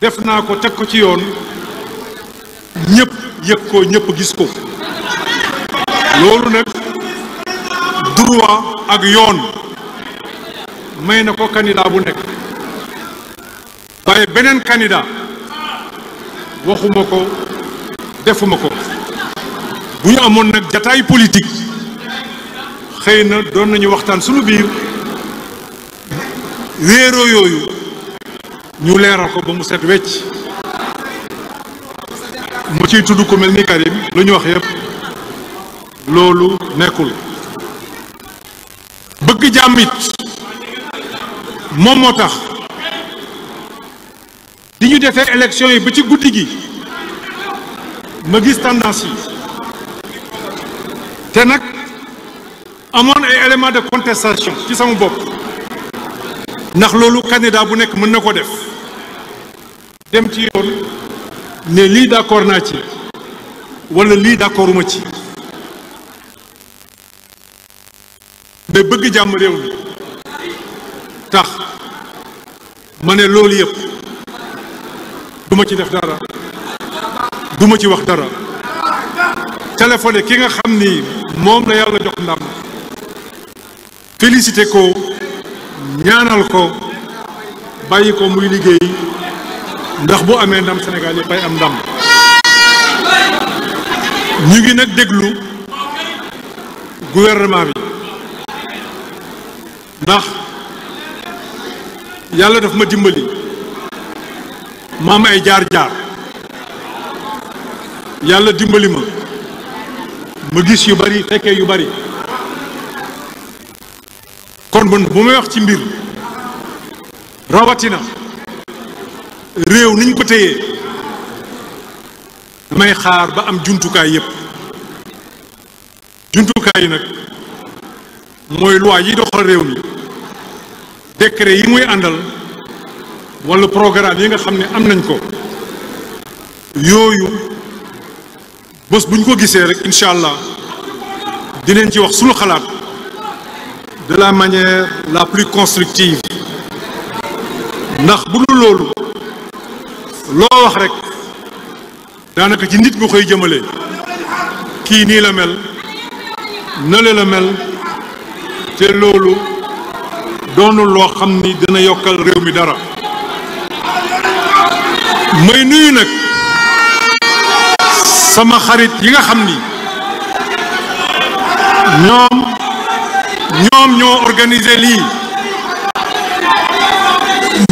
def naa ko teg ko ci yoon ñépp yëg ko ñépp gis ko loolu nag droit ak yoon may na ko candidat bu nekk waaye beneen candidat waxuma ko defuma ko bu ñu amoon nag jataay politique xëy na doon nañu waxtaan sunu biir réeroo yooyu ñu leeral ko ba mu set wecc mu ciy tudd ku mel ni wax yépp loolu nekkul bëgg jàmm it moom moo tax di ñu defee élection yi ba ci guddi gi ma gis tendance yi te nag amoon ay éléments de contestation ci sama bopp ndax loolu candidat bu nekk mën na ko def dem ci yoon ne lii d'accord naa ci walla lii d'accorduma ci mais bëgg jàmm réew mi tax ma ne loolu yépp duma ci def dara duma ci wax dara téléphoné ki nga xam ni moom la yàlla jox ndam félicité ko ñaanal ko bàyyi ko muy liggéey ndax boo amee ndam Sénégal yëpp ay am ndam ñu ngi nag déglu gouvernement bi ndax yàlla daf ma dimbali ma am ay jaar-jaar yàlla dimbali ma ma gis yu bari fekkee yu bari kon bon bu may wax ci mbir rawatina réew niñ ko téyee damay xaar ba am jumtukaay yépp jumtukaay yi nag mooy loi yi doxal réew mi décret yi muy àndal wala programme yi nga xam ne am nañ ko yooyu bés bu ñu ko gisee rek incha allah di ci wax sunu xalaat de la manière la plus constructive ndax bu dul loolu loo wax rek daanaka ci nit nga koy jëmale kii nii la mel nële la mel te loolu doonul loo xam ni dina yokkal réew mi dara may nuyu nag sama xarit yi nga xam ni ñoom ñoom ñoo organiser lii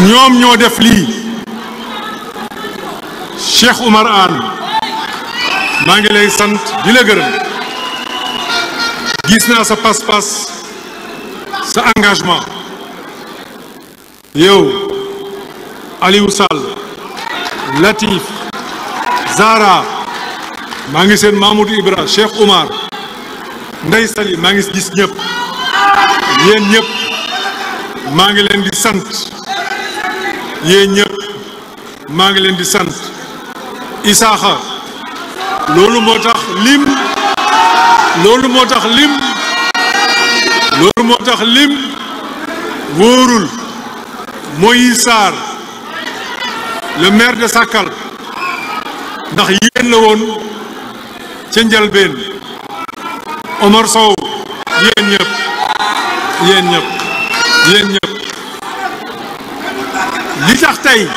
ñoom ñoo def lii Cheikh Oumar Anne maa ngi lay sant di la gërëm gis naa sa pas-pas sa engagement yow Aliou Sall Latif Zara maa ngi seen Mamoudou Ibra Cheikh Oumar Ndeye Sali maa ngi gis ñëpp yéen ñëpp maa ngi leen di sant yéen ñëpp maa ngi leen di sant isaaxa loolu moo tax lim loolu moo tax lim loolu moo tax lim wóorul Moïse Sarr le maire de Sakal ndax yéen la woon ca njalbeen Omar Sow yéen ñëpp yéen ñëpp li tax tey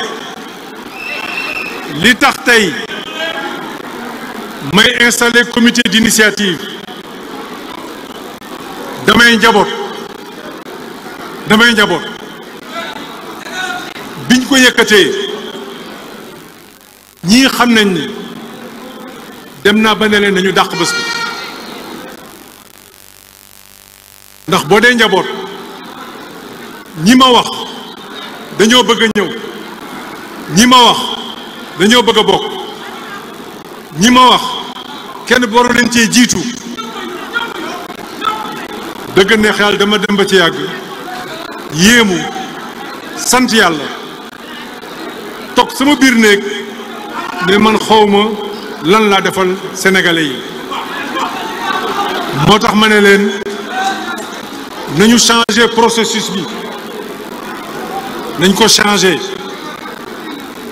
li tax tey may installer comité d'initiative damay njaboot damay njaboot biñ ko yëkkatee ñii xam nañ ni dem naa ba ne leen nañu dàq bés bi ndax boo dee njaboot ñi ma wax dañoo bëgg a ñëw ñi ma wax dañoo bëgg a bokk ñi ma wax kenn boru leen cee jiitu dëgg ne dama dem ba ci yàgg yéemu sant yàlla toog sama biir néeg ne man xawma lan laa defal sénégalais yi moo tax ma ne leen nañu changer processus bi nañ ko change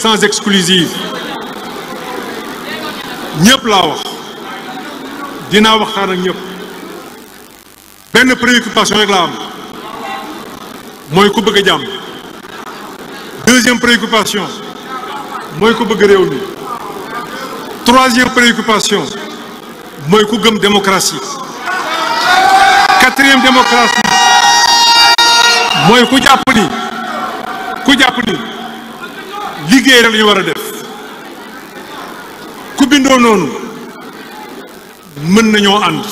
sans exclusive ñëpp la wax dinaa waxtaan ak ñëpp benn préoccupation rek laa mooy ku bëgg a jàmm deuxième préoccupation mooy ku bëgg réew mi troisième préoccupation mooy ku gëm démocratie quatrième démocratie mooy ku jàpp ni ku jàpp liggéey rek ñu war a def ku bindoo noonu mën nañoo ànd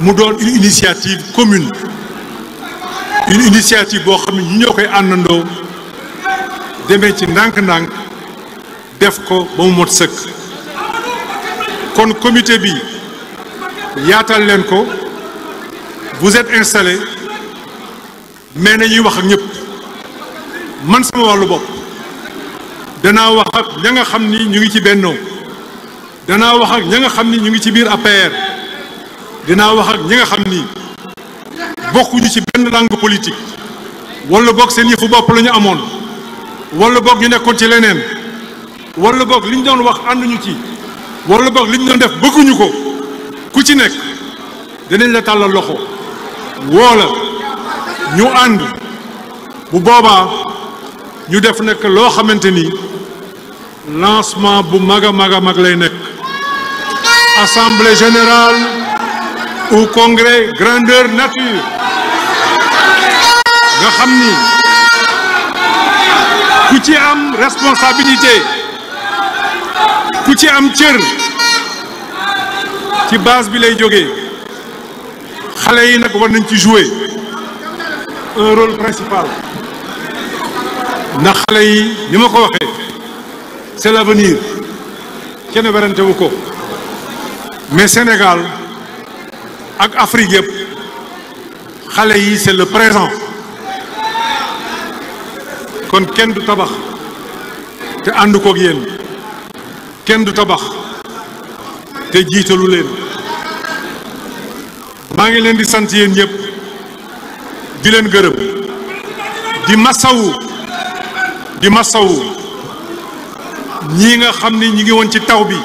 mu doon initiative commune une initiative boo xam ne ñu ñoo koy àndandoo demee ci ndànk-ndànk def ko ba mu mot sëkk kon comité bi yaatal leen ko vous êtes installé mais nañuy wax ak ñëpp man sama wàllu bopp danaa wax ak ña nga xam ni ñu ngi ci bennoo danaa wax ak ña nga xam ni ñu ngi ci biir APR dinaa wax ak ñi nga xam ni bokkuñu ci benn langue politique wala boog seen yëfu bopp la ñu amoon wala boog ñu nekkoon ci leneen wala boog liñ ñu doon wax ànduñu ci wala boog liñ ñu doon def bëgguñu ko ku ci nekk dinañ la tàllal loxo woo la ñu ànd bu boobaa ñu def nekk loo xamante ni lancement bu mag a mag a mag lay nekk assemblée générale ou congrès grandeur nature nga xam ni ku ci am responsabilité ku ci am cër ci base bi lay jógee xale yi nag war nañ ci jouer un rôle principal ndax xale ni ma ko c'est l'avenir kenn werante ko mais Sénégal ak Afrique yëpp xale yi c'est le présent kon kenn du tabax te ànd koog yéen kenn du tabax te jiitalu leen maa ngi leen di sant yéen ñëpp di leen gërëm di masawu di masawu ñii nga xam ni ñu ngi woon ci taw bi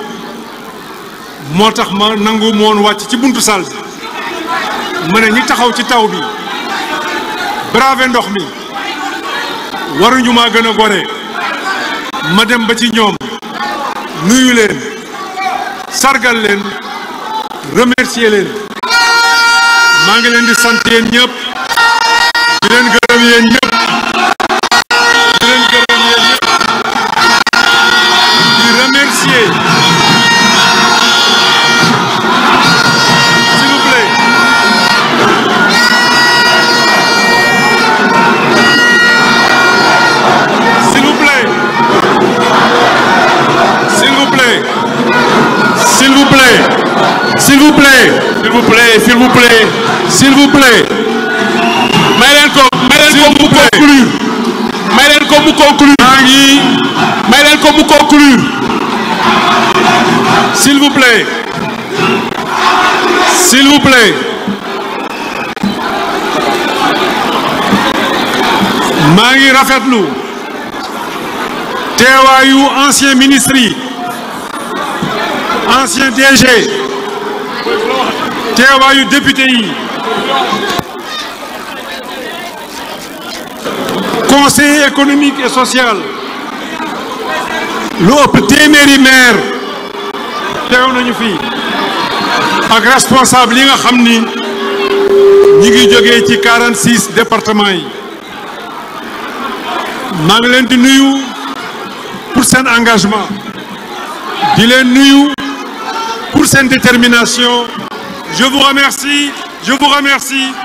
moo tax ma nangu moon wàcc ci buntu saal bi ma ne ñi taxaw ci taw bi brave ndox mi waruñu maa gën a gore ma dem ba ci ñoom nuyu leen sargal leen remercier leen maa ngi leen di sant yéen ñëpp leen gërëm yéen ñëpp s'il vous plaît s'il vous plaît. s'il vous plaît. may leen ko may leen ko mu conclure. may leen ko mu conclure. maa ngi may leen ko mu conclure. s'il vous plaît. s'il vous plaît. maa ngi rafetlu. teewaayu ancien ministre yi ancien DG teewaayu député yi conseil économique et social lu ëpp téeméeri maire teew nañu fi ak responsable yi nga xam ni ñu ngi jógee ci 46 départements yi maa ngi leen di nuyu pour seen engagement di leen nuyu pour seen détermination Je vous remercie. Je vous remercie.